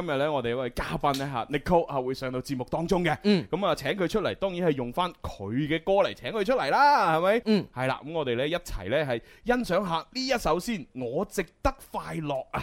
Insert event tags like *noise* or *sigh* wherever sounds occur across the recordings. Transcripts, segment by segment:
今日咧，我哋位嘉賓咧吓 Nicole 啊會上到節目當中嘅，嗯，咁啊、嗯、請佢出嚟，當然係用翻佢嘅歌嚟請佢出嚟啦，係咪？嗯，係啦，咁我哋咧一齊咧係欣賞下呢一首先，我值得快樂啊！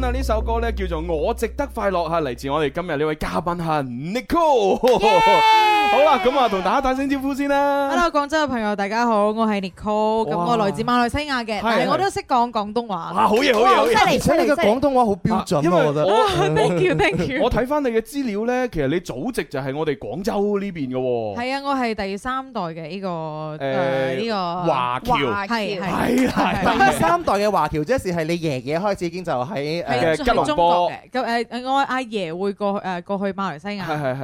呢首歌呢叫做《我值得快樂》嚇，嚟自我哋今日呢位嘉賓，係 Nicole、 *laughs* yeah! 好啦，咁啊，同大家打聲招呼先啦。Hello，廣州嘅朋友，大家好，我係 Nicole，咁我來自馬來西亞嘅，但係我都識講廣東話。哇，好嘢，好嘢，而且你嘅廣東話好標準，因為我覺得。哇，Thank you, thank you。我睇翻你嘅資料咧，其實你祖籍就係我哋廣州呢邊嘅喎。係啊，我係第三代嘅呢個誒呢個華僑，係係係第三代嘅華僑，即係你爺爺開始已經就喺誒中國嘅，咁誒我阿爺會過誒過去馬來西亞，係係係，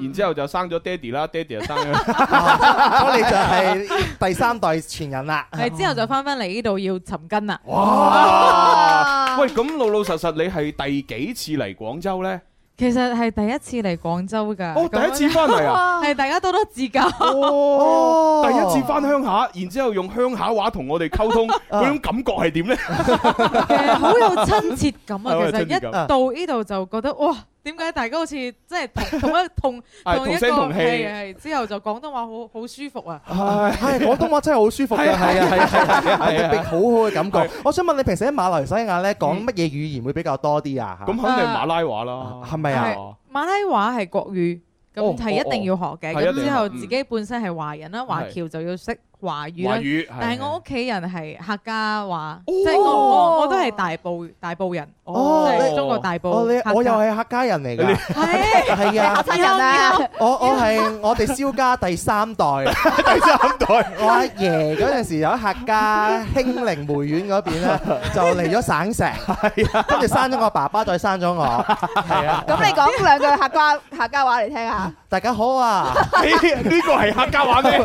然之後就生咗爹。爹哋啦，爹哋又生咁，咁你就係第三代傳人啦。誒，之後就翻翻嚟呢度要尋根啦。哇！喂，咁老老實實，你係第幾次嚟廣州咧？其實係第一次嚟廣州噶。哦，第一次翻嚟啊，係大家多多自教。哇！第一次翻鄉下，然之後用鄉下話同我哋溝通，嗰種感覺係點咧？誒，好有親切感啊！其實一到呢度就覺得哇～點解大家好似即係同一同同一個係係，之後就廣東話好好舒服啊係係廣東話真係好舒服嘅係 *laughs* 啊係係係啊係、啊、好好嘅感覺、啊啊啊啊。我想問你平時喺馬來西亞咧講乜嘢語言會比較多啲啊？咁肯定係馬拉話啦，係咪 *laughs* 啊？馬拉話係國語，咁係一定要學嘅。咁、哦哦哦嗯、之後自己本身係華人啦，華僑、嗯、就要識。華語，但係我屋企人係客家話。即係我我都係大埔大埔人，即係中國大埔，我又係客家人嚟㗎。係係啊，客家人啊！我我係我哋蕭家第三代，第三代。我阿爺嗰陣時有客家興寧梅縣嗰邊就嚟咗省城，跟住生咗我爸爸，再生咗我，係啊！咁你講兩句客家客家話嚟聽下。大家好啊！呢呢個係客家話咩？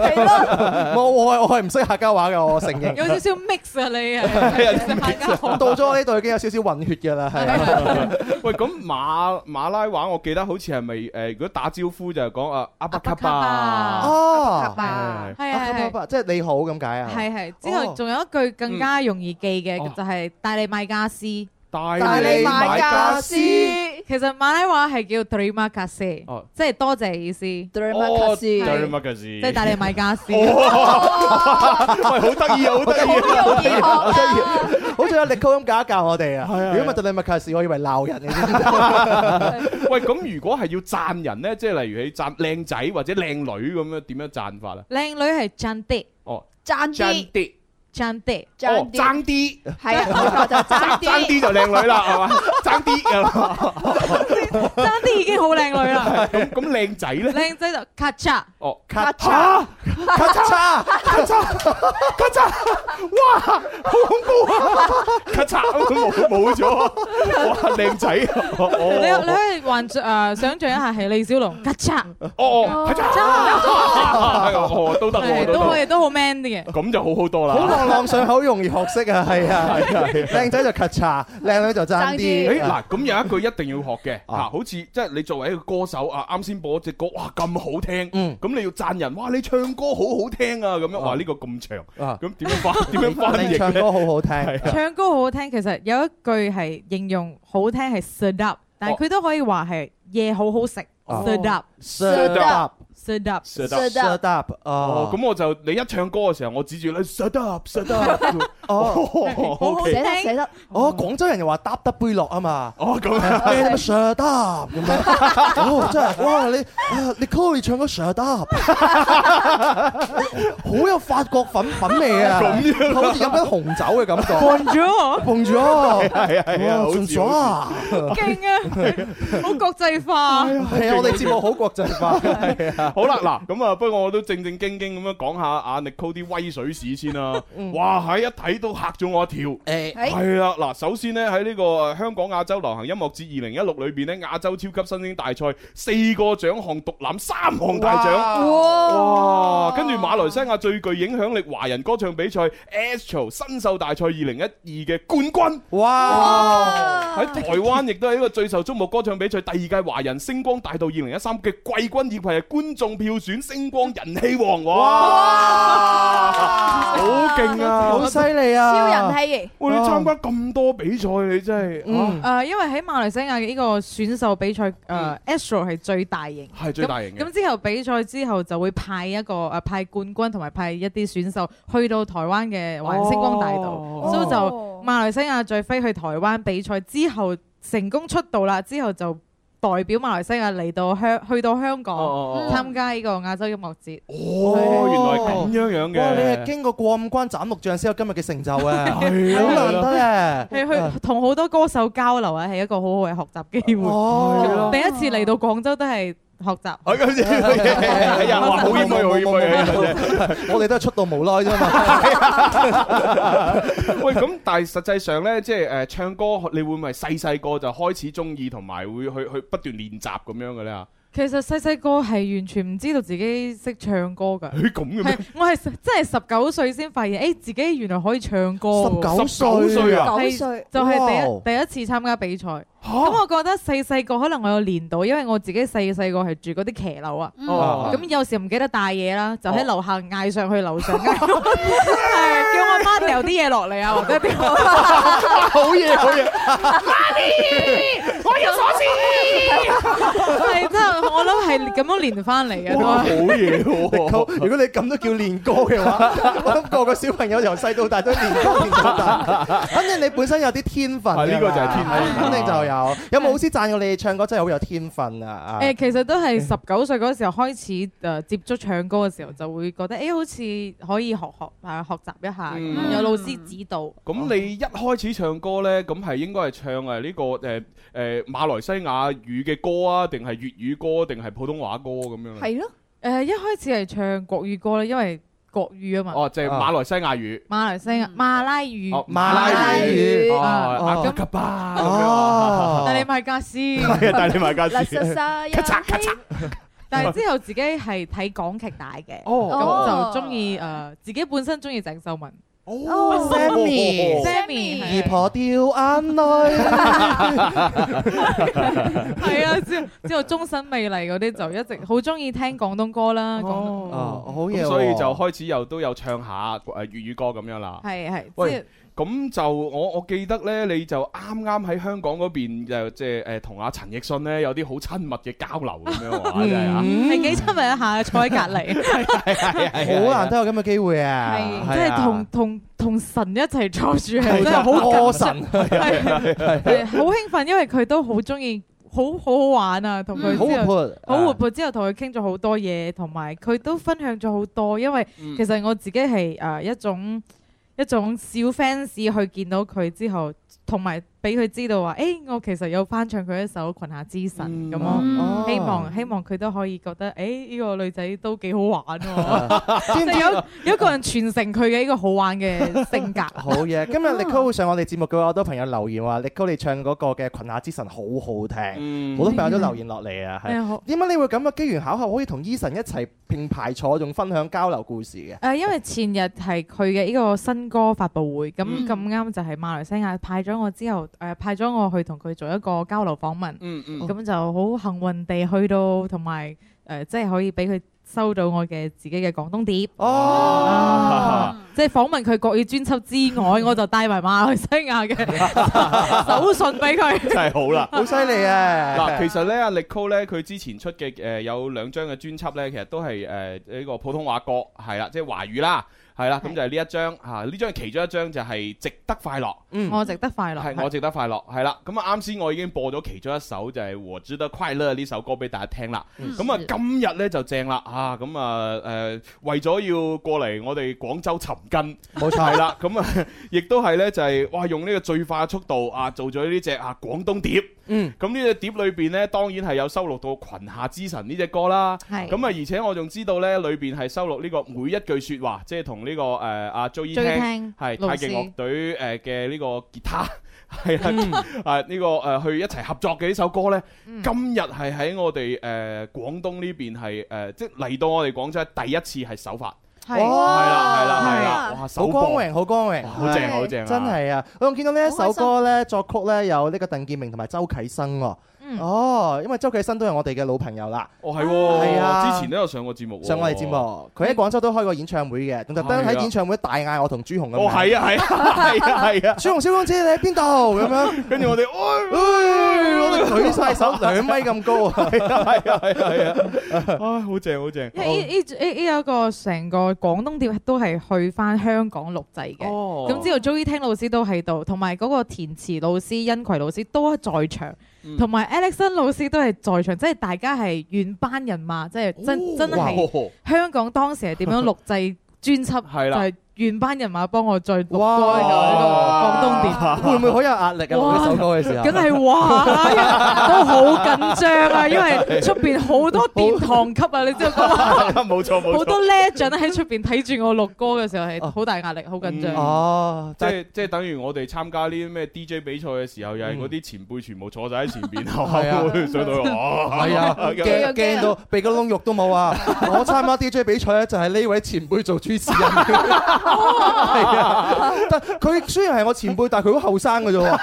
冇。我我係唔識客家話嘅，我承認。有少少 mix 啊，你啊，客家到咗呢度已經有少少混血嘅啦。係。喂，咁馬馬拉話，我記得好似係咪誒？如果打招呼就係講啊，阿伯卡巴哦，阿伯卡巴，即係你好咁解啊。係係。之後仲有一句更加容易記嘅，就係「帶你買家私」。帶你買家私。其實馬拉話係叫 three 馬卡斯，即係多謝意思。three 馬卡斯，即係帶你買家私。係好得意啊，好得意啊，好得意啊！好似有力扣咁教一教我哋啊。如果唔係就大力馬加斯，我以為鬧人嘅。喂，咁如果係要讚人咧，即係例如你讚靚仔或者靚女咁樣，點樣讚法啊？靚女係讚啲，哦，讚啲。爭啲，爭啲係啊，冇錯，就爭啲，爭啲就靚女啦，係嘛？爭啲，爭啲已經好靚女啦。咁靚仔咧？靚仔就咔嚓，哦，咔嚓，咔嚓，咔嚓，咔嚓，哇，好恐怖啊！咔嚓，咁冇冇咗，哇，靚仔啊！你你可以幻誒想象一下係李小龍咔嚓，哦，咔嚓，哦，都得，都可以，都好 man 啲嘅，咁就好好多啦。網上好容易學識啊，係啊，係啊。靚仔就咔嚓，靚女就爭啲。哎，嗱，咁有一句一定要學嘅，嗱，好似即係你作為一個歌手啊，啱先播隻歌，哇，咁好聽，咁你要讚人，哇，你唱歌好好聽啊，咁樣話呢個咁長，咁點樣翻點樣翻譯咧？唱歌好好聽，唱歌好好聽，其實有一句係形容好聽係 serve，但係佢都可以話係嘢好好食，serve，serve。哦，咁我就你一唱歌嘅時候，我指住你 shut up，shut up，哦，O K，寫得，哦，廣州人又話嗒嗒杯落啊嘛，哦咁樣，咩乜 shut up 咁樣，哦真係，哇你你 call 你唱個 shut up，好有法國粉粉味啊，好似飲緊紅酒嘅感覺，凍咗，凍咗，係啊係啊，凍咗啊，勁啊，好國際化，係啊，我哋節目好國際化，係啊。好啦，嗱咁啊，不過我都正正經經咁樣講下阿 Nicole 啲威水史先啦、啊。 *laughs* 哇，喺一睇都吓咗我一跳。誒係、欸啊、啦，嗱，首先咧喺呢個香港亞洲流行音樂節二零一六裏邊咧，亞洲超級新星大賽四個獎項獨攬三項大獎哇！哇哇跟住馬來西亞最具影響力華人歌唱比賽 Astro 新秀大賽二零一二嘅冠軍哇！喺哇哇台灣亦都係一個最受矚目歌唱比賽第二屆華人星光大道二零一三嘅季軍亦係觀眾。票選星光人氣王哇，哇好勁啊，好犀利啊，超人氣！你參加咁多比賽，你真係啊，因為喺馬來西亞嘅呢個選秀比賽，誒 Astro 係最大型，係最大型。咁之後比賽之後就會派一個誒派冠軍同埋派一啲選秀去到台灣嘅星光大道，哦，所以就馬來西亞再飛去台灣比賽之後成功出道啦，之後就。代表馬來西亞嚟到香去到香港參加呢個亞洲音樂節。哦，原來係咁樣樣嘅。你係經過過五關斬六將先有今日嘅成就啊！好難得咧。係去同好多歌手交流啊，係一個好好嘅學習機會。第一次嚟到廣州都係學習，係咁啫。係啊，好欣慰，好欣慰，我哋都係出道無耐啫嘛。喂，咁但係實際上咧，即係誒唱歌，你會唔會細細個就開始中意，同埋會去去不斷練習咁樣嘅咧？其實細細個係完全唔知道自己識唱歌㗎。咁嘅咩，我係真係十九歲先發現，誒自己原來可以唱歌。十九歲啊，就係第一第一次參加比賽。咁我覺得細細個可能我有練到，因為我自己細細個係住嗰啲騎樓啊。咁有時唔記得帶嘢啦，就喺樓下嗌上去樓上，叫我媽掉啲嘢落嚟啊！好嘢，好嘢，媽咪，我要鎖匙。係真係，我諗係咁樣練翻嚟嘅。好嘢！如果你咁都叫練歌嘅話，我諗個個小朋友由細到大都練歌練到大。反正你本身有啲天分，呢個就係天分，肯定就。 *laughs* 有冇老師讚過你哋唱歌真係好有天分啊？誒，其實都係十九歲嗰時候開始誒接觸唱歌嘅時候，就會覺得誒、欸、好似可以學學誒學習一下，嗯、有老師指導。咁、嗯、你一開始唱歌呢，咁係應該係唱誒、這、呢個誒誒、呃、馬來西亞語嘅歌啊，定係粵語歌，定係普通話歌咁樣？係咯，誒、呃、一開始係唱國語歌呢，因為。國語啊嘛，哦，就係、是、馬來西亞語，馬來西亞、嗯、馬拉語，哦、馬拉語，阿吉巴，但你唔家私，係啊，哦、 *laughs* 但你唔家私。但係之後自己係睇港劇大嘅，哦，就中意誒，自己本身中意鄭秀文。哦，Sammy，Sammy，哇 Z 姨婆掉眼淚。係啊 *laughs* *laughs* 呀，之後之後，終身美麗嗰啲就一直好鍾意聽廣東歌啦。哦，講啊、好嘢、哦，所以就開始又都有唱下誒粵、呃、語歌咁樣啦。係係，即係。喂咁就我我記得咧，你就啱啱喺香港嗰邊就即係誒同阿陳奕迅咧有啲好親密嘅交流咁樣話，真係啊，係幾親密一下坐喺隔籬，好難得有咁嘅機會啊，係係啊，即係同同同神一齊坐住係，真係好阿神奮，好興奮，因為佢都好中意，好好好玩啊，同佢好活潑，好活潑，之後同佢傾咗好多嘢，同埋佢都分享咗好多，因為其實我自己係誒一種。一種小 fans 去見到佢之後，同埋。俾佢知道話，誒、欸，我其實有翻唱佢一首《裙下之臣》咁、嗯、希望、嗯、希望佢都可以覺得，誒、欸，呢、這個女仔都幾好玩，有有個人傳承佢嘅呢個好玩嘅性格。好嘢！今日 Nicole 上我哋節目嘅話，好多朋友留言話，Nicole 你唱嗰、那個嘅《裙下之臣》好好聽，好、嗯、多朋友都留言落嚟啊。點解、嗯、你會咁嘅機緣巧合可以同 Eason 一齊並排坐，仲分享交流故事嘅？誒、呃，因為前日係佢嘅呢個新歌發佈會，咁咁啱就係馬來西亞派咗我之後。誒、uh，派咗我去同佢做一個交流訪問，咁、嗯嗯、就好幸運地去到同埋誒，即係可以俾佢收到我嘅自己嘅廣東碟，即係訪問佢國語專輯之外，我就帶埋馬來西亞嘅、啊、 *laughs* 手信俾給佢，真 *laughs* 係好啦，好犀利啊！嗱，其實咧，阿 Nicole 咧，佢、啊啊、之前出嘅誒、呃、有兩張嘅專輯咧，其實都係誒呢個普通話歌，係啦，即、就、係、是、華語啦。係啦，咁就係呢一張吓，呢、啊、張其中一張就係值得快樂。嗯，是我值得快樂。係的，我值得快樂。係啦，咁啊啱先我已經播咗其中一首就係、是《我值得快樂》呢首歌俾大家聽啦。咁啊、嗯嗯、今日呢就正啦啊，咁啊誒為咗要過嚟我哋廣州尋根，冇錯係啦。咁啊亦都係呢，就係哇用呢個最快速度啊做咗呢隻啊廣東碟。嗯。咁呢隻碟裏邊呢，當然係有收錄到《群下之神》呢隻歌啦。係、啊。咁啊而且我仲知道呢裏邊係收錄呢個每一句說話，即係同。呢個誒阿 Joey Tang 係太極樂隊誒嘅呢個吉他係啊呢個誒去一齊合作嘅呢首歌咧，今日係喺我哋誒廣東呢邊係誒即係嚟到我哋廣州第一次係首發，係啦係啦係啦，哇！好光榮，好光榮，好正好正，真係啊！我仲見到呢一首歌咧，作曲咧有呢個鄧建明同埋周啟生喎。哦，因為周啟生都係我哋嘅老朋友啦。哦，係，係啊，之前都有上過節目，上我哋節目。佢喺廣州都開過演唱會嘅，仲特登喺演唱會大嗌我同朱紅嘅。哦，係啊，係啊，係啊，係啊！朱紅淞鳳姐你喺邊度？咁樣，跟住我哋，我哋舉晒手兩米咁高。啊。係啊，係啊，係啊！唉，好正，好正。呢呢呢呢有一個成個廣東碟都係去翻香港錄製嘅。哦。咁之後，周啓生老師都喺度，同埋嗰個填詞老師、殷葵老師都在場，同埋。.艾力森老師都係在場，即係大家係原班人馬，即係真，oh, wow. 真係香港當時係點樣錄製專輯？係啦。原班人馬幫我再錄歌嘅，廣東電會唔會好有壓力啊？錄歌嘅時候，梗係哇，都好緊張啊！因為出邊好多殿堂級啊，你知唔知？冇錯，冇錯，好多 Legend 喺出邊睇住我錄歌嘅時候係好大壓力，好緊張。哦，即係即係等於我哋參加呢啲咩 DJ 比賽嘅時候，又係啲前輩全部坐晒喺前邊，係啊，係啊，驚啊，驚到鼻哥窿肉都冇啊！我參加 DJ 比賽咧，就係呢位前輩做主持人。係啊， *laughs* 但佢雖然係我前輩，但係佢好後生嘅啫。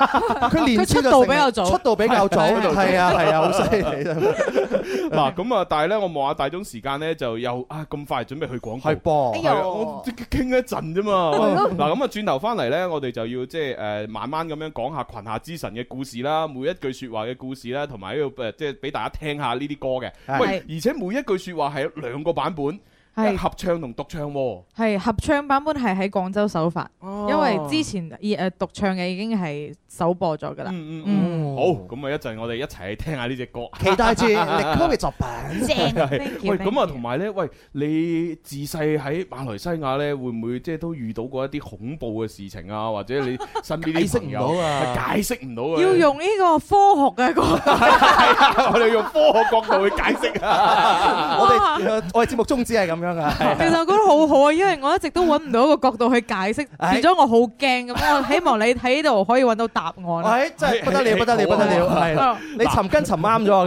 佢年 *laughs* 出道比較早，出道比較早，係啊係啊，好犀利！嗱咁啊， *laughs* *laughs* 啊，但係咧，我望下大鐘時間咧，就又啊咁、哎、快準備去廣州。係噃吧，係我傾一陣啫嘛。嗱咁啊，轉頭翻嚟，咧，我哋就要即係誒，慢慢咁樣講下群下之神嘅故事啦，每一句說話嘅故事啦，同埋要誒，即係俾大家聽下呢啲歌嘅。喂，而且每一句說話係有兩個版本。係合唱同獨唱係、哦、合唱版本係喺廣州首發，哦、因為之前以誒獨唱嘅已經係。首播咗噶啦，嗯嗯嗯，好，咁啊一陣我哋一齊去聽下呢隻歌，期待住 Nicole 嘅作品，正，喂，咁啊同埋咧，喂，你自細喺馬來西亞咧，會唔會即係都遇到過一啲恐怖嘅事情啊？或者你身邊啲朋友解釋唔到啊，解釋唔到啊，要用呢個科學嘅角度，係啊，我哋用科學角度去解釋啊，我哋我哋節目宗旨係咁樣啊，其實我覺得好好啊，因為我一直都揾唔到一個角度去解釋，變咗我好驚咁樣，希望你喺度可以揾到答案。答案，真係、 *noise* 嗯、不得了，不得了，不得了，係、 *noise* 啊，你尋根尋啱咗，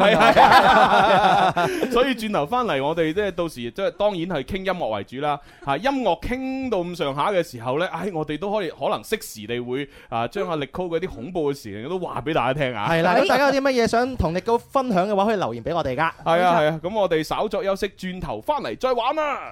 所以轉頭翻嚟，我哋即係到時，即係當然係傾音樂為主啦。吓，音樂傾到咁上下嘅時候呢，唉，我哋都可以可能適時地會啊，將阿力高嗰啲恐怖嘅事情都話俾大家聽啊。係 *laughs* 啦，咁大家有啲乜嘢想同力高分享嘅話，可以留言俾我哋噶。係啊係啊，咁 *laughs* 我哋稍作休息，轉頭翻嚟再玩啊。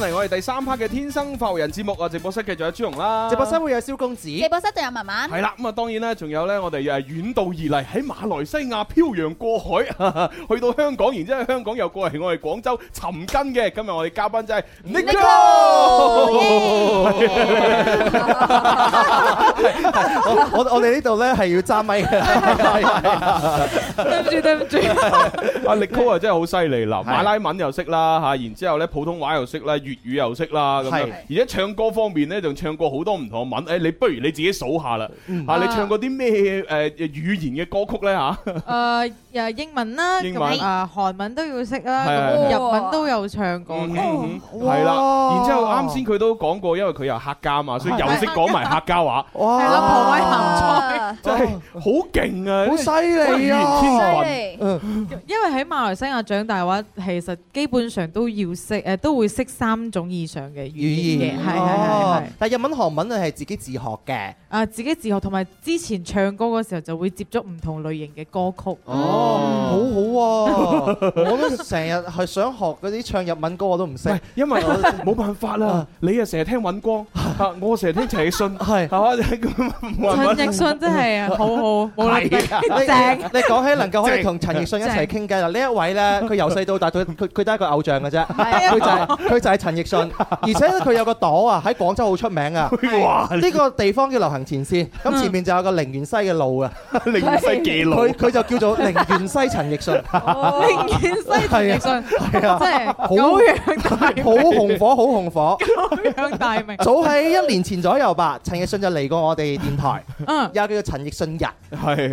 嚟，我哋第三 part 嘅天生浮人節目啊！直播室繼續有朱紅啦，直播室會有蕭公子，直播室仲有文文。係啦，咁啊，當然咧，仲有咧，我哋誒遠道而嚟喺馬來西亞漂洋過海，去到香港，然之後喺香港又過嚟我哋廣州尋根嘅。今日我哋嘉賓就係 Nicole，我我哋呢度咧係要揸麥嘅。對唔住，對唔住，阿 Nicole 啊，真係好犀利啦！馬來文又識啦吓，然之後咧普通話又識啦。粵語又識啦，咁樣，而且唱歌方面咧，就唱過好多唔同嘅文。誒，你不如你自己數下啦，嚇！你唱過啲咩誒語言嘅歌曲咧？嚇！誒，誒英文啦，英文？咁啊韓文都要識啦，咁日文都有唱過。係啦，然之後啱先佢都講過，因為佢又客家啊嘛，所以又識講埋客家話。哇！真係好勁啊，好犀利啊！因為喺馬來西亞長大嘅話，其實基本上都要識，誒，都會識三種以上嘅語言，係係係。但係日文、韓文係自己自學嘅。啊，自己自學，同埋之前唱歌嗰時候就會接觸唔同類型嘅歌曲。哦，好好啊！我都成日係想學嗰啲唱日文歌，我都唔識，因為冇辦法啦。你又成日聽尹光，我成日聽陳奕迅，係係陳奕迅真係。係啊，好好冇問你講起能夠可以同陳奕迅一齊傾偈嗱，呢一位咧，佢由細到大，佢佢都係一個偶像嘅啫。係啊，佢就佢就係陳奕迅，而且佢有個朵啊，喺廣州好出名啊。呢個地方叫流行前線，咁前面就有個陵園西嘅路啊。陵園西幾路？佢就叫做陵園西陳奕迅。陵園西陳奕迅，係啊，真係好樣，好紅火，好紅火，咁樣大名。早喺一年前左右吧，陳奕迅就嚟過我哋電台。嗯，叫做。陳奕迅日，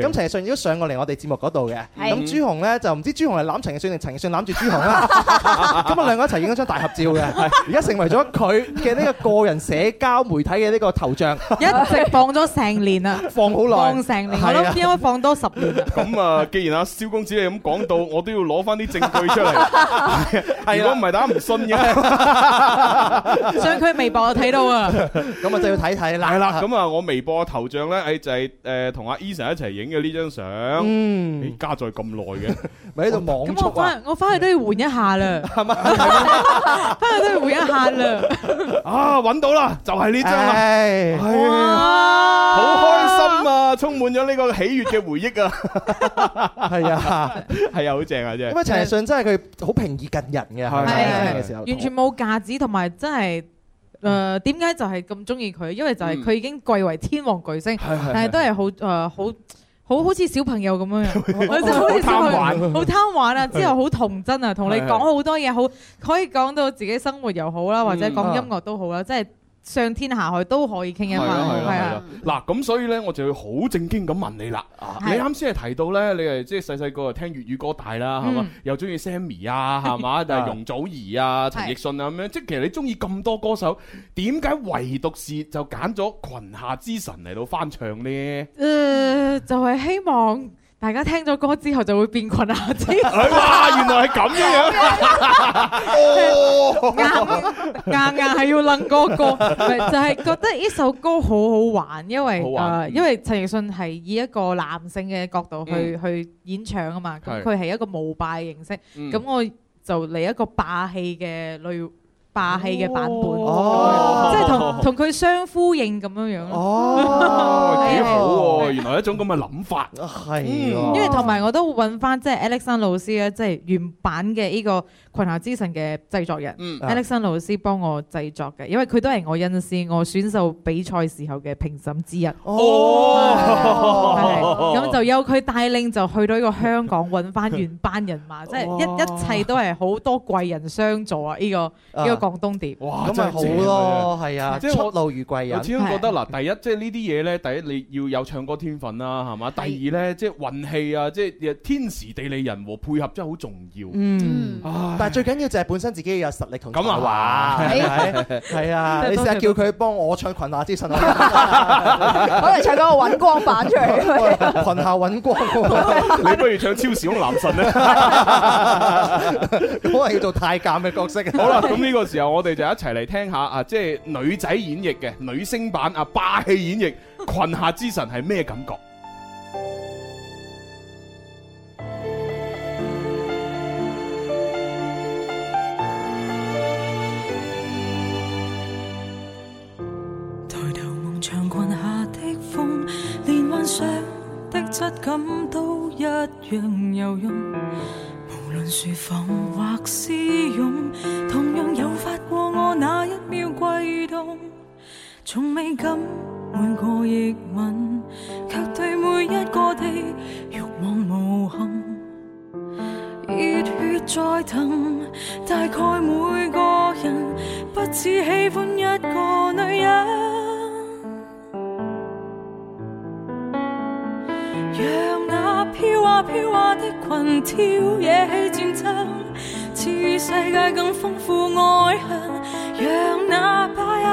咁陳奕迅亦都上過嚟我哋節目嗰度嘅。咁朱紅咧就唔知朱紅係攬陳奕迅定陳奕迅攬住朱紅啦。咁啊兩個一齊影咗張大合照嘅，而家成為咗佢嘅呢個個人社交媒體嘅呢個頭像，一直放咗成年啦，放好耐，放成年咯，我諗應該放多十年。咁啊，既然阿蕭公子你咁講到，我都要攞翻啲證據出嚟，係，如果唔係大家唔信嘅。上佢微博我睇到啊，咁啊就要睇睇啦，係啦，咁啊我微博頭像咧誒就係。誒同阿 Eason 一齊影嘅呢張相，嗯，你加載咁耐嘅，咪喺度望住。咁我翻我翻去都要換一下啦，係嘛？翻去都要換一下啦。啊，揾到啦，就係呢張啦，係啊，好開心啊，充滿咗呢個喜悅嘅回憶啊，係啊，係啊，好正啊，真係。咁啊，陳奕迅真係佢好平易近人嘅，係啊，完全冇架子，同埋真係。誒，點解、呃、就係咁中意佢？因為就係佢已經貴為天王巨星，嗯、但係都係、呃、好好好好似小朋友咁樣，我 *laughs* 就好好貪玩，好貪 *laughs* 玩啊！ *laughs* 之後好童真啊，同你講好多嘢，好可以講到自己生活又好啦，或者講音樂都好啦，嗯上天下海都可以傾一傾，嗱咁、嗯、所以呢，我就要好正經咁問你啦。你啱先係提到呢，你係即係細細個聽粵語歌大啦，係嘛？嗯、又中意 Sammi 啊，係嘛？又係 *laughs* 容祖兒啊、陳奕迅啊咁樣。 *music* 啊、即係其實你中意咁多歌手，點解唯獨是就揀咗群下之神嚟到翻唱呢？誒、嗯，就係、是、希望。.大家聽咗歌之後就會變困、啊，下子，哇！原來係咁樣樣，哦，啱啱硬係要撚嗰個，個，就係、是、覺得呢首歌好好玩，因為誒，玩呃、因為陳奕迅係以一個男性嘅角度去、嗯、去演唱啊嘛，咁佢係一個膜拜形式，咁、嗯嗯、我就嚟一個霸氣嘅女。霸氣嘅版本，即係同同佢相呼應咁樣樣哦，幾好原來一種咁嘅諗法，係喎。因為同埋我都揾翻即係 Alexson 老師咧，即係原版嘅呢個《群俠之神》嘅製作人 Alexson 老師幫我製作嘅，因為佢都係我恩師我選秀比賽時候嘅評審之一。哦，咁就由佢帶領就去到呢個香港揾翻原班人馬，即係一一切都係好多貴人相助啊！呢個。呢個。廣東碟哇，咁咪好咯，係啊，即係出露如貴啊！我始終覺得嗱，第一即係呢啲嘢咧，第一你要有唱歌天分啦，係嘛？第二咧，即係運氣啊，即係天時地利人和配合，真係好重要。嗯，但係最緊要就係本身自己要有實力同咁啊，咪？係啊，你試下叫佢幫我唱《裙下之神》，可能唱嗰個揾光版出嚟，《裙下揾光》。你不如唱《超時空嘅男神》咧，我係要做太監嘅角色。好啦，咁呢個由我哋就一齊嚟聽下啊，即係女仔演繹嘅女聲版啊，霸氣演繹裙下之臣係咩感覺？ *music* 抬頭望長裙下的風，連幻想的質感都一樣柔潤，無論舒放或私擁。從未敢吻過亦吻，卻對每一個地慾望無憾。熱血在騰，大概每個人不只喜歡一個女人。讓那飄啊飄啊的裙挑惹起戰爭，賜予世界更豐富愛恨。讓那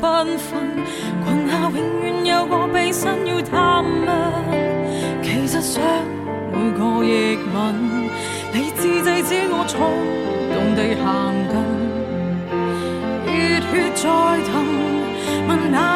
繽紛裙下永遠有個秘密要探問，其實想每個熱吻，你自制止我衝動地行近，熱血在騰，問那。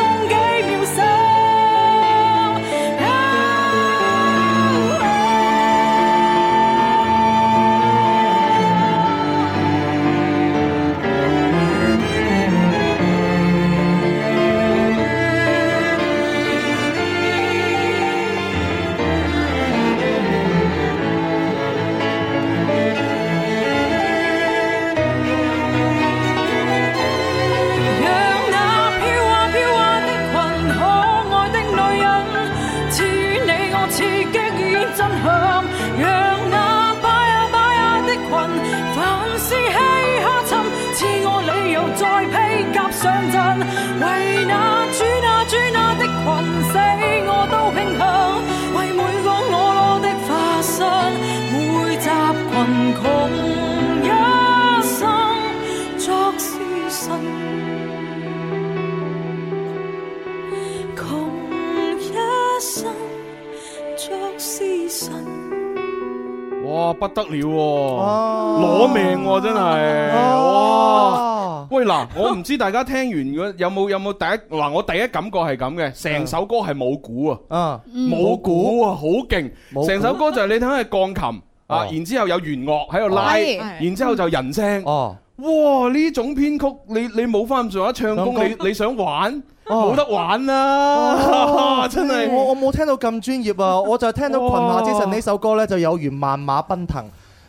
啊、不得了、啊，攞命、啊、真係哇！喂嗱，我唔知大家聽完有冇有冇第一嗱，我第一感覺係咁嘅，成首歌係冇鼓啊，冇、嗯、鼓啊，好勁！成首歌就係、是、你睇下鋼琴啊，啊然之後有弦樂喺度拉，啊、然之後就人聲哦，哇、啊！呢、啊、種編曲你你冇翻咁上下唱功，你你，你，你想玩？冇得玩啊，真係。我我冇聽到咁專業啊！我就聽到《群馬之神》呢首歌呢，就有如萬馬奔騰。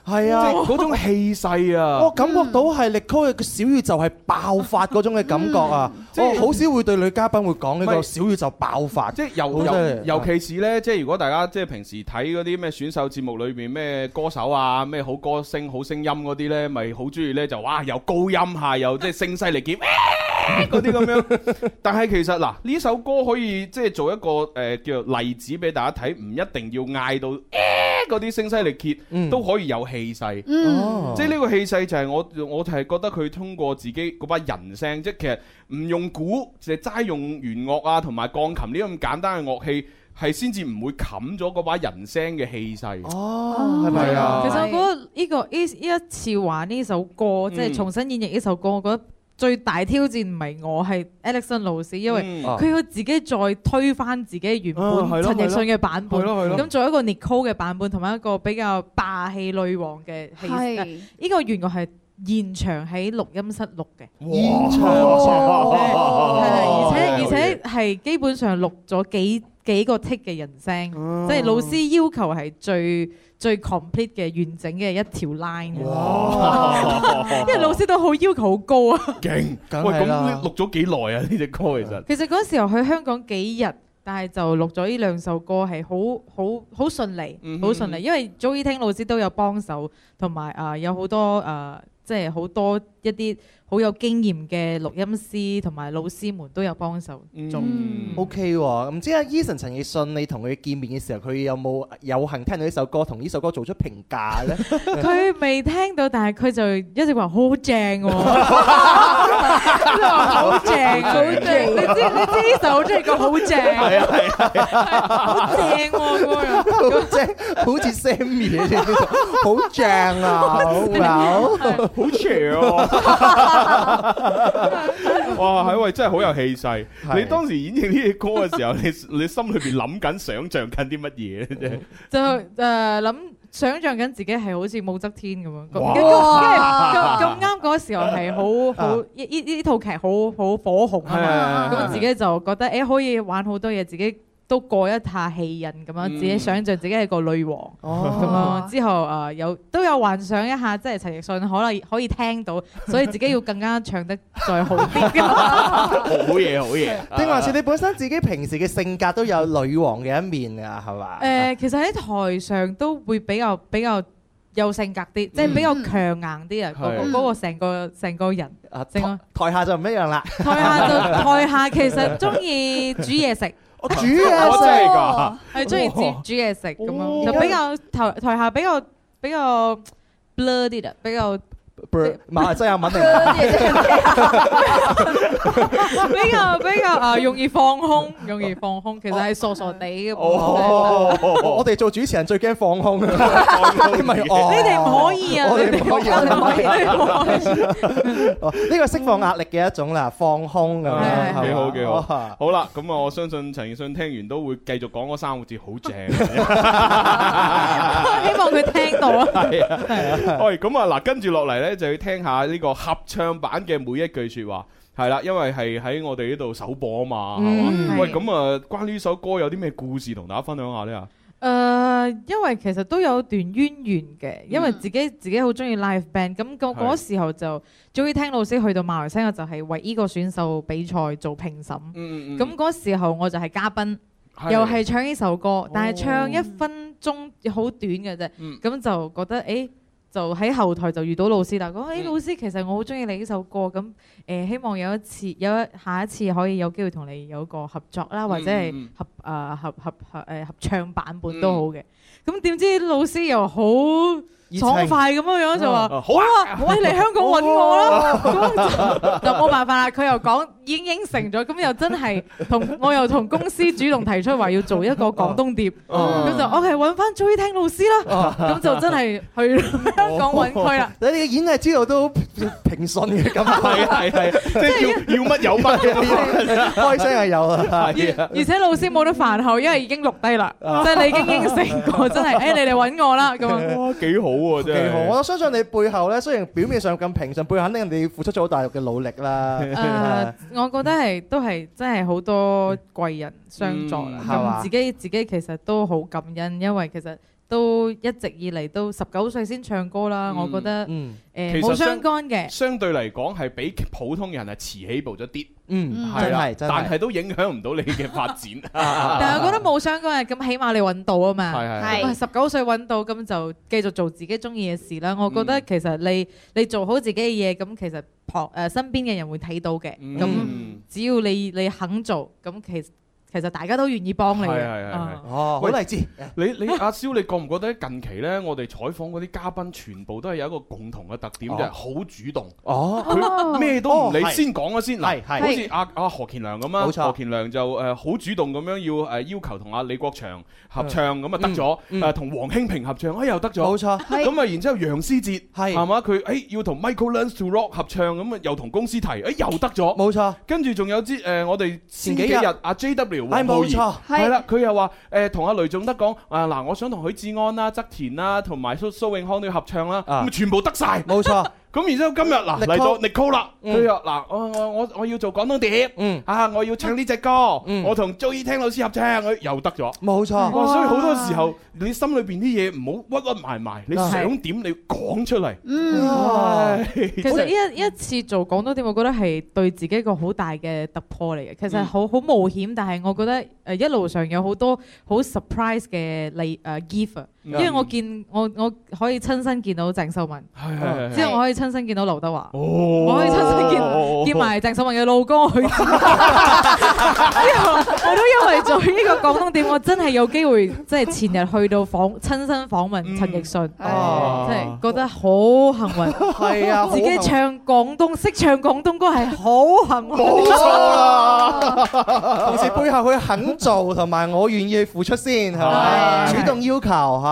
係啊，嗰種氣勢啊！我感覺到係力鋒嘅小宇宙係爆發嗰種嘅感覺啊！我好少會對女嘉賓會講呢個小宇宙爆發，即係由由尤其是呢。即係如果大家即係平時睇嗰啲咩選秀節目裏面咩歌手啊，咩好歌聲好聲音嗰啲呢，咪好中意呢。就哇！又高音下又即係聲勢力竭。嗰啲咁樣，但係其實嗱，呢首歌可以即係做一個誒、呃、叫做例子俾大家睇，唔一定要嗌到嗰啲聲嘶力竭都可以有氣勢。嗯嗯、即係呢個氣勢就係我我就係覺得佢通過自己嗰把人聲，即係其實唔用鼓，就齋用弦樂啊同埋鋼琴呢咁簡單嘅樂器，係先至唔會冚咗嗰把人聲嘅氣勢。哦，係咪、嗯、啊？其實我覺得呢個呢呢一次玩呢首歌，即係重新演繹呢首歌，嗯、我覺得。最大挑戰唔係我係 Alexon 老師，因為佢要自己再推翻自己原本陳奕迅嘅版本，咁、啊、做一個 Nicole 嘅版本，同埋一個比較霸氣女王嘅氣。呢的、啊呢個原來係現場喺錄音室錄嘅，哇現場，哦、而且而且係基本上錄咗幾幾個 take 嘅人聲，哦、即係老師要求係最最 complete 嘅完整嘅一條 line，哇 *laughs* 因為老師都好要求好高啊害！勁，然喂，咁錄咗幾耐啊？呢隻歌其實、嗯、其實嗰時候去香港幾日，但係就錄咗呢兩首歌係好好好順利，好順利，因為 Joy 聽老師都有幫手，同埋啊有好多啊即係好多一啲。好有經驗嘅錄音師同埋老師們都有幫手，仲 OK 喎。唔知阿 Eason 陳奕迅，你同佢見面嘅時候，佢有冇有幸聽到呢首歌，同呢首歌做出評價咧？佢未聽到，但係佢就一直話好正喎，好正，好正。你知你知呢首都係講好正，係啊係啊，好正啊好正，好似 Sammy，好正啊，好牛，好長。 *laughs* 哇，係喂，真係好有氣勢！的你當時演繹呢啲歌嘅時候，你你心裏邊諗緊、想象緊啲乜嘢咧？就誒諗想象緊自己係好似武則天咁樣。哇！咁跟住，咁啱嗰個時候係好好，呢呢呢套劇好好火紅啊嘛。咁的自己就覺得誒、欸，可以玩好多嘢，自己。都過一下戲人咁樣，自己想象自己係個女王咁樣。之後啊，有都有幻想一下，即係陳奕迅可能可以聽到，所以自己要更加唱得再好啲。好嘢，好嘢！定還是你本身自己平時嘅性格都有女王嘅一面㗎？係嘛？誒，其實喺台上都會比較比較有性格啲，即係比較強硬啲啊！嗰個嗰個成個成個人啊！台台下就唔一樣啦。台下就台下其實中意煮嘢食，我 *noise* *noise* 煮嘢食㗎，係中意煮煮嘢食咁樣，就比較台台下比較比較 blur 啲啦，比較。係即係文嘅，比較比較啊容易放空，容易放空，其實係傻傻哋嘅。我哋做主持人最驚放空，你哋唔可以啊，你哋可以，你哋可以。哦，呢個釋放壓力嘅一種啦，放空咁，幾好幾好。好啦，咁啊，我相信陳奕迅聽完都會繼續講嗰三個字，好正。希望佢聽到啊。係係啊。喂，咁啊，嗱，跟住落嚟咧。就去聽下呢個合唱版嘅每一句說話，係啦，因為係喺我哋呢度首播啊嘛。係咪？喂，咁啊，關於呢首歌有啲咩故事同大家分享下呢？啊？誒，因為其實都有段淵源嘅，因為自己、嗯、自己好中意 live band，咁、那、嗰、個、的時候就中意聽老師去到馬來西亞就係為呢個選秀比賽做評審。咁嗰、嗯嗯、時候我就係嘉賓，的又係唱呢首歌，哦、但係唱一分鐘好短嘅啫。咁就覺得誒。欸就喺後台就遇到老師了，但係講、欸、老師其實我好中意你呢首歌，咁誒、呃、希望有一次有一下一次可以有機會同你有個合作啦，或者係合。誒合合合誒合唱版本都好嘅，咁點知老師又好爽快咁樣樣就話，好啊，喂嚟香港揾我啦！就冇辦法啦，佢又講已經應承咗，咁又真係同我又同公司主動提出話要做一個廣東碟，咁就 O K，揾翻追聽老師啦，咁就真係去香港揾佢啦。你哋嘅演藝之路都好平順嘅咁快，係係即係要要乜有乜嘅，開聲係有啊，而且老師冇得。飯後，因為已經錄低啦， *laughs* 即係你已經應承過， *laughs* 真係誒、哎，你嚟搵我啦咁。哇，幾好喎、啊，真幾好，我相信你背後咧，雖然表面上咁平常，背後肯定你付出咗好大嘅努力啦、 *laughs* 啊。我覺得係都係真係好多貴人相助啦，咁、嗯、自己吧自己其實都好感恩，因為其實。都一直以嚟都十九歲先唱歌啦，我覺得誒冇相干嘅，相對嚟講係比普通人係遲起步咗啲，嗯，係，但係都影響唔到你嘅發展。但係我覺得冇相干嘅，咁起碼你揾到啊嘛，係係，如果十九歲揾到咁就繼續做自己鍾意嘅事啦。我覺得其實你你做好自己嘅嘢，咁其實旁誒身邊嘅人會睇到嘅，咁只要你你肯做，咁其實。其實大家都願意幫你嘅，係係係。哦，喂，黎志，你你阿蕭，你覺唔覺得近期咧，我哋採訪嗰啲嘉賓全部都係有一個共同嘅特點，就係好主動。哦，佢咩都唔理，先講咗先。嗱，好似阿阿何鍵良咁啊，冇錯。何鍵良就誒好主動咁樣要誒要求同阿李國祥合唱，咁啊得咗。誒同黃興平合唱，哎又得咗。冇錯。咁啊，然之後楊思捷係嘛？佢誒要同 Michael Learns to Rock 合唱，咁啊又同公司提，誒又得咗。冇錯。跟住仲有啲誒，我哋前幾日阿 JW。係冇、哎、宜錯，係啦的，佢的又話誒同阿雷仲德講啊嗱，我想同許志安啦、啊、側田啦、啊、同埋蘇蘇永康都合唱啦、啊，咁、啊、全部得晒。」冇錯。 *laughs* 咁然之後今日嗱嚟到 Nicole 啦，佢話嗱我我我我要做廣東碟，啊我要唱呢隻歌，我同 Joy 聽老師合唱，佢又得咗，冇錯。哇！所以好多時候你心裏邊啲嘢唔好屈屈埋埋，你想點你講出嚟。嗯，其實呢一一次做廣東碟，我覺得係對自己一個好大嘅突破嚟嘅，其實好好冒險，但係我覺得誒一路上有好多好 surprise 嘅嚟誒 giver。因為我見我我可以親身見到鄭秀文，係係，之後我可以親身見到劉德華，哦，我可以親身見見埋鄭秀文嘅老公，之後我都因為做呢個廣東點，我真係有機會，即係前日去到訪親身訪問陳奕迅，哦，即係覺得好幸運，係啊，自己唱廣東，識唱廣東歌係好幸運，冇錯啦。同時背後佢肯做，同埋我願意付出先，係咪主動要求吓？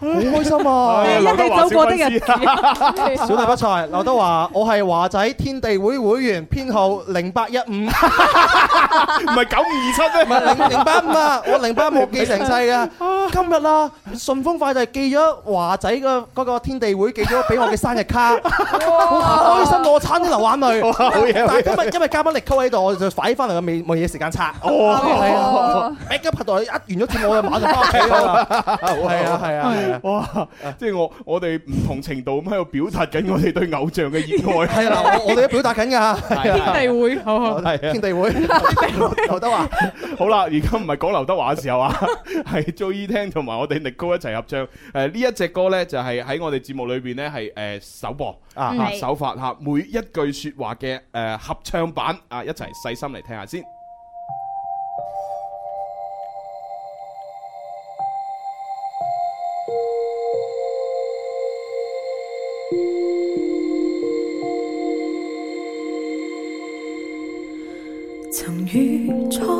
好開心啊！一起走過的人，小，啊、小弟不才，劉德華，我係華仔天地會會員編號零八一五，唔係九五二七咩？唔係零零八五啊！我零八一五記成世㗎。今日啊，順豐快遞寄咗華仔個嗰、那個天地會寄咗俾我嘅生日卡，好開心我差啲流眼淚。但今日因為嘉賓力溝喺度，我就快啲翻嚟嘅未冇嘢時間拆！哦，係啊，make up 到一完咗之後，我就馬上翻屋企啦。係啊，係啊。哇！即係我我哋唔同程度咁喺度表達緊我哋對偶像嘅熱愛。係啦， *laughs* 我哋都表達緊噶天地會，好好係天地會劉 *laughs* 德華。 *laughs* 好啦，而家唔係講劉德華嘅時候啊，係 Joey 聽同埋我哋 Nicole 一齊合唱。誒、呃，呢一隻歌咧就係喺我哋節目裏邊咧係誒首播啊，首發吓、啊、每一句說話嘅誒合唱版啊，一齊細心嚟聽下先。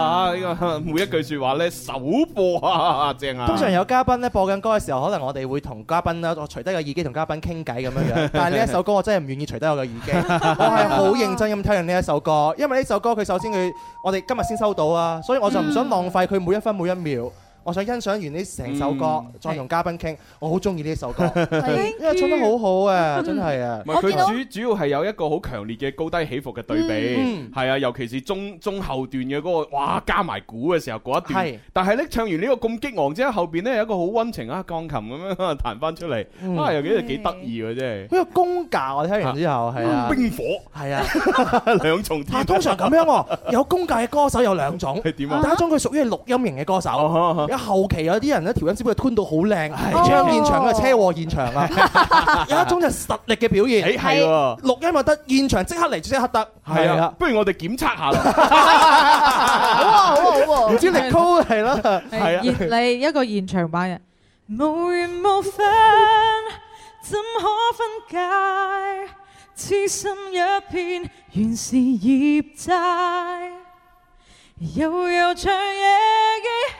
啊！呢個每一句説話呢，首播啊，正啊。通常有嘉賓呢播緊歌嘅時候，可能我哋會同嘉賓呢，我除低個耳機同嘉賓傾偈咁樣樣。 *laughs* 但係呢一首歌，我真係唔願意除低我個耳機， *laughs* 我係好認真咁聽緊呢一首歌，因為呢首歌佢首先佢我哋今日先收到啊，所以我就唔想浪費佢每一分每一秒。我想欣賞完呢成首歌，再同嘉賓傾。我好中意呢首歌，因為唱得好好嘅，真係啊！佢主主要係有一個好強烈嘅高低起伏嘅對比，係啊，尤其是中中後段嘅嗰個，哇！加埋鼓嘅時候嗰一段，但係呢，唱完呢個咁激昂之後，後邊呢，有一個好溫情啊，鋼琴咁樣彈翻出嚟，啊，又幾得意嘅啫！嗰個功架我聽完之後係啊，冰火係啊，兩重。通常咁樣有功架嘅歌手有兩種，係點啊？第一種佢屬於錄音型嘅歌手。而家後期有啲人咧，調音只不過 t 到好靚，槍現場嘅車禍現場啊，有一種就實力嘅表現，係錄音咪得，現場即刻嚟即刻得。係啊，不如我哋檢測下啦，啊，好好喎，唔知力 c 係咯，係啊，熱一個現場版嘅。無緣無分怎可分解，痴心一片原是孽債，悠悠長夜記。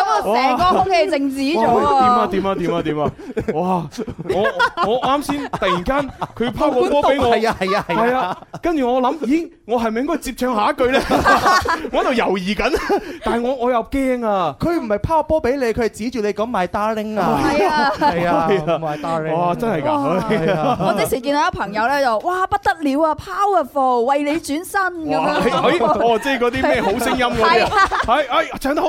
成個空氣靜止咗啊！點啊點啊點啊點啊！哇！我我啱先突然間佢拋個波俾我，係啊係啊係啊！跟住我諗，咦？我係咪應該接唱下一句咧？我喺度猶豫緊，但係我我又驚啊！佢唔係拋個波俾你，佢係指住你講 My Darling 啊！係啊係啊，My Darling！哇！真係㗎！我即時見到一朋友咧，就哇不得了啊！Powerful，為你轉身咁樣。係哦，即係嗰啲咩好聲音嗰啲，係係唱得好。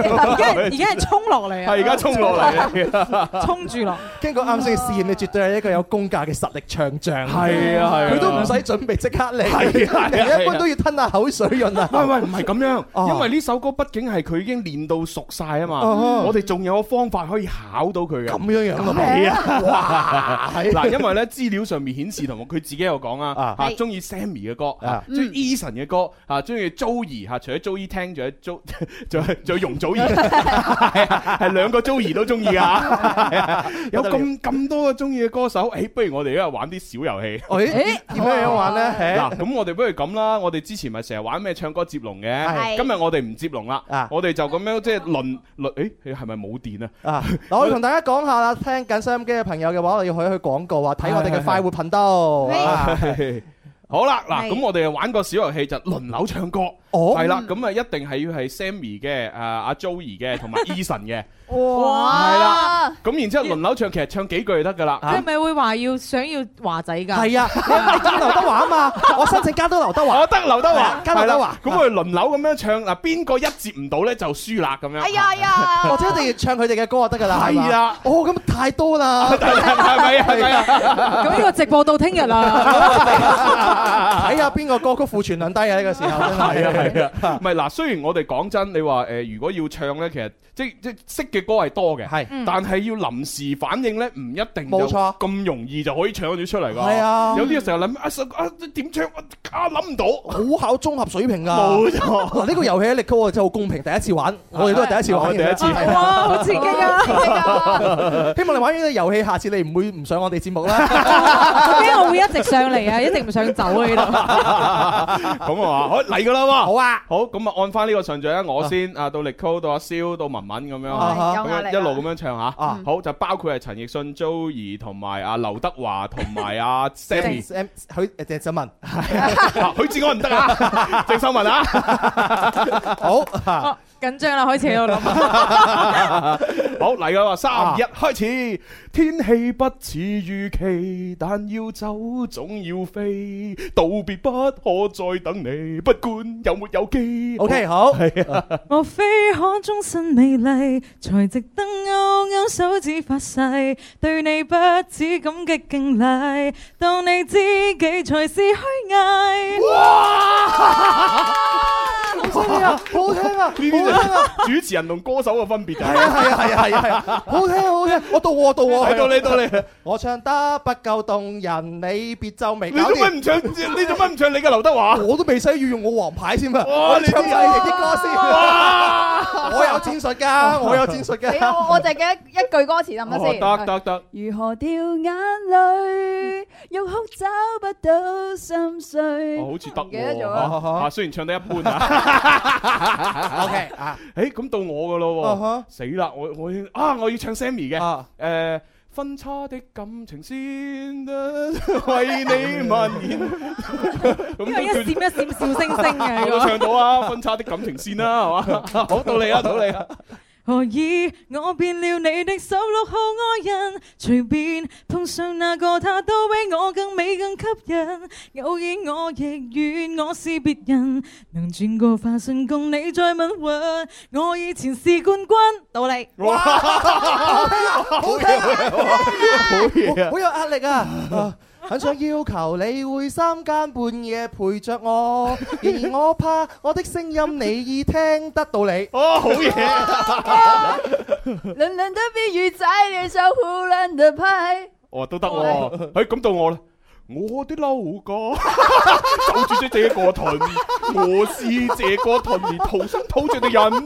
而家而家係衝落嚟啊！係而家衝落嚟，衝住落。經過啱先嘅試驗，你絕對係一個有功架嘅實力唱將。係啊，係。佢都唔使準備即刻嚟。係啊，一般都要吞下口水潤啊。喂，喂，唔係，唔係咁樣。因為呢首歌畢竟係佢已經練到熟晒啊嘛。我哋仲有個方法可以考到佢嘅。咁樣樣啊，係啊。哇！嗱，因為咧資料上面顯示同佢自己有講啊，啊，中意 Sammy 嘅歌，啊，中意 Eason 嘅歌，啊，中意 Joey 嚇，除咗 Joey 聽，仲有 Jo，仲有仲有容祖兒係啊，係兩個祖兒都中意啊！有咁咁多個中意嘅歌手，誒，不如我哋而家玩啲小遊戲。誒，點樣玩咧？嗱，咁我哋不如咁啦，我哋之前咪成日玩咩唱歌接龍嘅，係，今日我哋唔接龍啦，我哋就咁樣即係輪輪。誒，係咪冇電啊？啊，我同大家講下啦，聽緊收音機嘅朋友嘅話，我要去一去廣告啊，睇我哋嘅快活頻道。好啦，嗱咁我哋玩個小遊戲，就輪流唱歌，係啦，咁啊一定係要係 Sammy 嘅、啊阿 Joey 嘅同埋 Eason 嘅，哇，係啦，咁然之後輪流唱，其實唱幾句就得噶啦。你咪會話要想要華仔㗎？係啊，你得劉德華啊嘛，我申請加多劉德華，我得劉德華，加劉德華，咁我哋輪流咁樣唱，嗱邊個一接唔到咧就輸啦咁樣。係呀，係啊，或者一定要唱佢哋嘅歌就得㗎啦。係啊，哦咁太多啦，係咪啊？咁呢個直播到聽日啊！睇下邊個歌曲庫存量低啊！呢個時候，係啊係啊，唔係嗱。雖然我哋講真，你話誒，如果要唱咧，其實即即識嘅歌係多嘅，係，但係要臨時反應咧，唔一定冇錯咁容易就可以唱咗出嚟噶。係啊，有啲嘅時候諗啊，啊點唱啊諗唔到，好考綜合水平噶。冇錯，呢個遊戲咧嚟講啊，真係好公平。第一次玩，我哋都係第一次玩。第一次哇，好刺激啊！希望你玩完呢個遊戲，下次你唔會唔上我哋節目啦。我驚我會一直上嚟啊！一定唔上.好啦，咁啊，好嚟噶啦喎，好啊，好，咁啊，按翻呢個順序啊，我先啊，到 Nicole，到阿蕭，到文文咁樣， 嗯、樣樣一路咁樣唱吓，啊，好就包括係陳奕迅、Joey 同埋啊劉德華同埋阿 Sammy，許鄭秀文，許志安唔得啊，鄭秀文啊，啊 *laughs* 好，緊張啦，開始要諗。 *laughs* 好嚟啦，三二一開始。天氣不似預期，但要走總要飛，道別不可再等你。不管有沒有機。O K，好。莫非可終身美麗，才值得勾勾手指發誓，對你不止感激敬禮。當你知己才是虛偽。哇！好犀利啊！好聽啊！主持人同歌手嘅分別啊！係啊！係啊！係啊！好聽好聽，我倒卧倒卧，到你到你。我唱得不夠動人，你別皺眉。你做乜唔唱？你做乜唔唱？你嘅劉德華，我都未使要用我黃牌先嘛。你唱啲歌先。我有戰術噶，我有戰術噶。我我淨係記得一句歌詞，得唔得先？得得得。如何掉眼淚，欲哭找不到心碎。哦，好似得喎。啊，雖然唱得一般啊。O K，誒，咁到我嘅咯喎，死啦！我我。啊！我要唱 Sammy 嘅，誒、啊呃、分叉的感情線啦，為你蔓延。咁一閃一閃笑星星嘅， *laughs* 我都唱到啊！分叉的感情線啦，係嘛？好，到你啊，到你 *laughs* *laughs* 啊！ *laughs* *laughs* 何以我變了你的十六號愛人？隨便碰上那個他都比我更美更吸引。偶爾我亦願我是別人，能轉個化身共你再吻吻。我以前是冠軍，到你。哇，好好好好有壓力啊！很想要求你會三更半夜陪着我，而我怕我的聲音你已聽得到你。哦，好嘢！冷冷的冰雨在臉上胡亂的拍。哦，都得喎，哦。咁， *laughs* 哎，到我啦。我的老哥守住咗這個屯，我是這個屯頭生土著嘅人。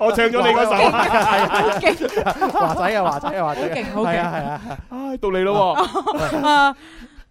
我唱咗你嗰首，華仔啊華仔啊華仔啊，好勁，好勁，係啊係啊，到你咯。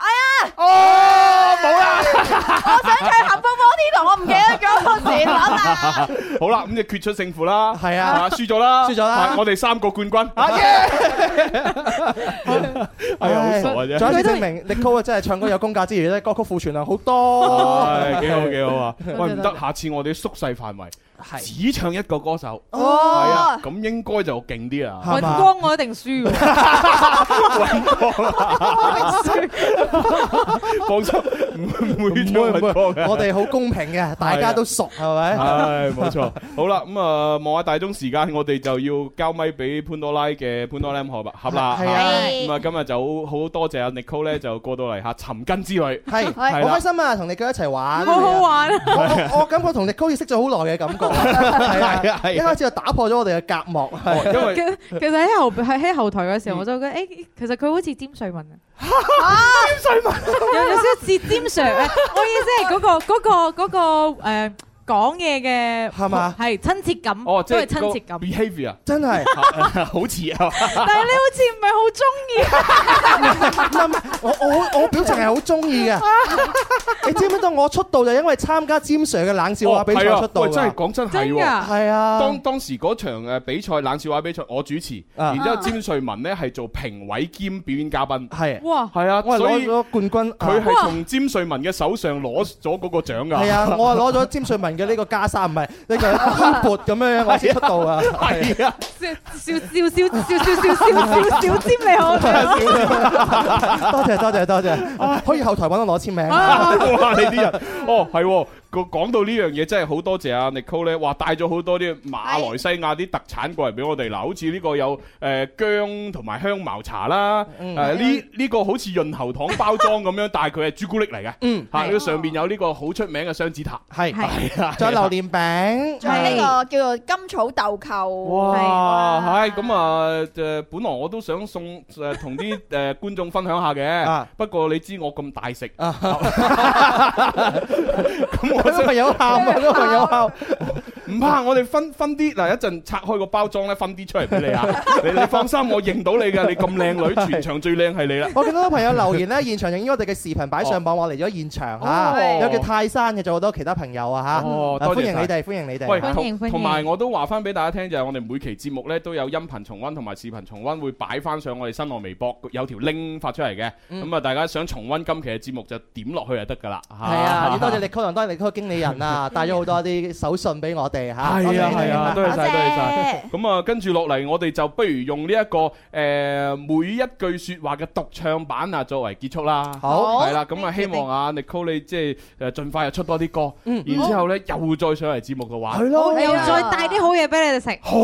哎呀！哦，冇啦！ *laughs* 我想唱幸福光天堂，我唔記得咗時諗啦。好啦，咁就決出勝負啦。係啊，輸咗、啊、啦，輸咗啦。我哋三個冠軍。啊、哎呀，好、哎、呀傻啊！啫，仲有啲證明力高啊，對對對真係唱歌有功架之餘咧，歌曲庫存量好多、 *laughs* 哎，幾好幾好啊！喂，唔得，下次我哋縮細範圍。只唱一個歌手，係、哦、啊，咁應該就勁啲啦！尹吧光，我一定輸喎， *laughs* *laughs* 尹光了。 *laughs* *laughs* 放鬆，唔會唔會唔會，我哋好公平嘅，大家都熟，係咪？係，冇錯。好啦，咁啊，望下大鐘時間，我哋就要交咪俾潘多拉嘅潘多拉合合啦。係，咁啊，今日就好多謝阿 Nicole 咧，就過到嚟吓尋根之旅。係，好開心啊，同 Nicole 一齊玩。好好玩，我感覺同 Nicole 已識咗好耐嘅感覺。係啊，係。一開始就打破咗我哋嘅隔膜，因為其實喺後喺喺後台嘅時候，我就覺得誒，其實佢好似詹瑞文啊。啊，詹瑞文。有少少似詹 Sir？s 我意思係嗰、 *laughs* 嗰個、嗰個講嘢嘅係嘛係親切感，哦即係親切感。Behaviour 真係好似啊！但係你好似唔係好中意，唔係我我我表情係好中意嘅。你知唔知當我出道就因為參加詹 Sir 嘅冷笑話比賽出道嘅，真係講真係，係啊！當當時嗰場誒比賽冷笑話比賽，我主持，然之後詹瑞文呢係做評委兼表演嘉賓，係哇，係啊，我係攞咗冠軍，佢係從詹瑞文嘅手上攞咗嗰個獎㗎。係啊，我係攞咗詹瑞文。呢個加沙唔係呢個尖薄咁樣，我先出道啊！係啊，即係少少少少少少少少尖。你好，多謝多謝多謝，可以後台揾我攞簽名。哇！你啲人哦，係。個講到呢樣嘢真係好多謝阿 Nicole 咧，哇帶咗好多啲馬來西亞啲特產過嚟俾我哋嗱，好似呢個有誒薑同埋香茅茶啦，誒呢呢個好似潤喉糖包裝咁樣，但係佢係朱古力嚟嘅，嚇呢個上面有呢個好出名嘅雙子塔，係係再榴蓮餅，再呢個叫做甘草豆蔻，哇，係咁啊誒，本來我都想送誒同啲誒觀眾分享下嘅，不過你知我咁大食，咁。佢個朋友喊啊！個朋友喊。唔怕，我哋分分啲嗱，一陣拆開個包裝咧，分啲出嚟俾你啊！你放心，我認到你㗎，你咁靚女，全場最靚係你啦！我見到好多朋友留言咧，現場影咗我哋嘅視頻擺上網，我嚟咗現場嚇，有叫泰山嘅，仲有好多其他朋友啊嚇，歡迎你哋，歡迎你哋，歡迎歡迎。同埋我都話翻俾大家聽，就係我哋每期節目咧都有音頻重溫同埋視頻重溫，會擺翻上我哋新浪微博有條 link 發出嚟嘅，咁啊大家想重溫今期嘅節目就點落去就得㗎啦嚇。係啊，多謝力扣同多謝力扣經理人啊，帶咗好多啲手信俾我哋。係啊係啊，多謝晒多謝晒。咁啊，跟住落嚟，我哋就不如用呢一個誒每一句說話嘅獨唱版啊，作為結束啦。好係啦，咁啊，希望啊，Nicole，即係誒，盡快又出多啲歌，嗯，然之後咧又再上嚟節目嘅話，係咯，又再帶啲好嘢俾你哋食。好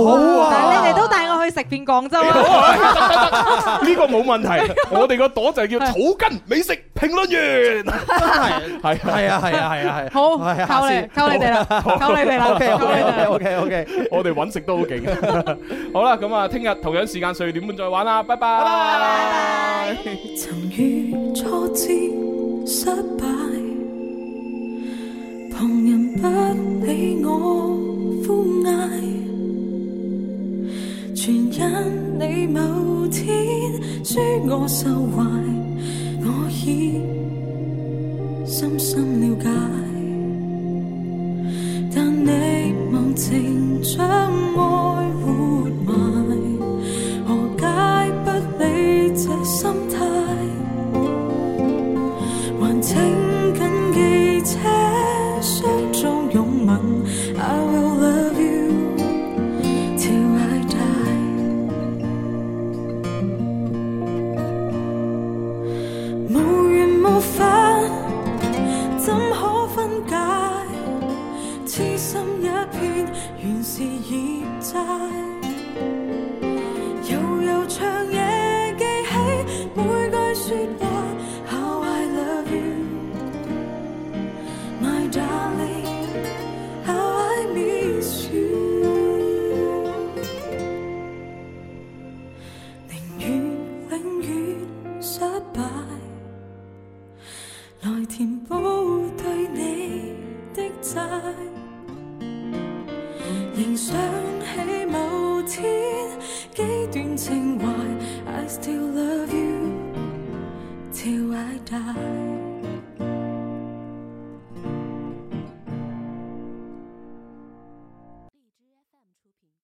啊，你哋都帶我去食遍廣州。呢個冇問題，我哋個朵就係叫草根美食評論員，係係係啊係啊係啊係。好，靠你靠你哋啦，靠你哋啦。O K O K，我哋揾食都 *laughs* 好勁。好啦，咁啊，聽日同樣時間四點半再玩啦，拜拜。 *music* 曾遇挫折失敗旁人不理我，我全因你某天說我受壞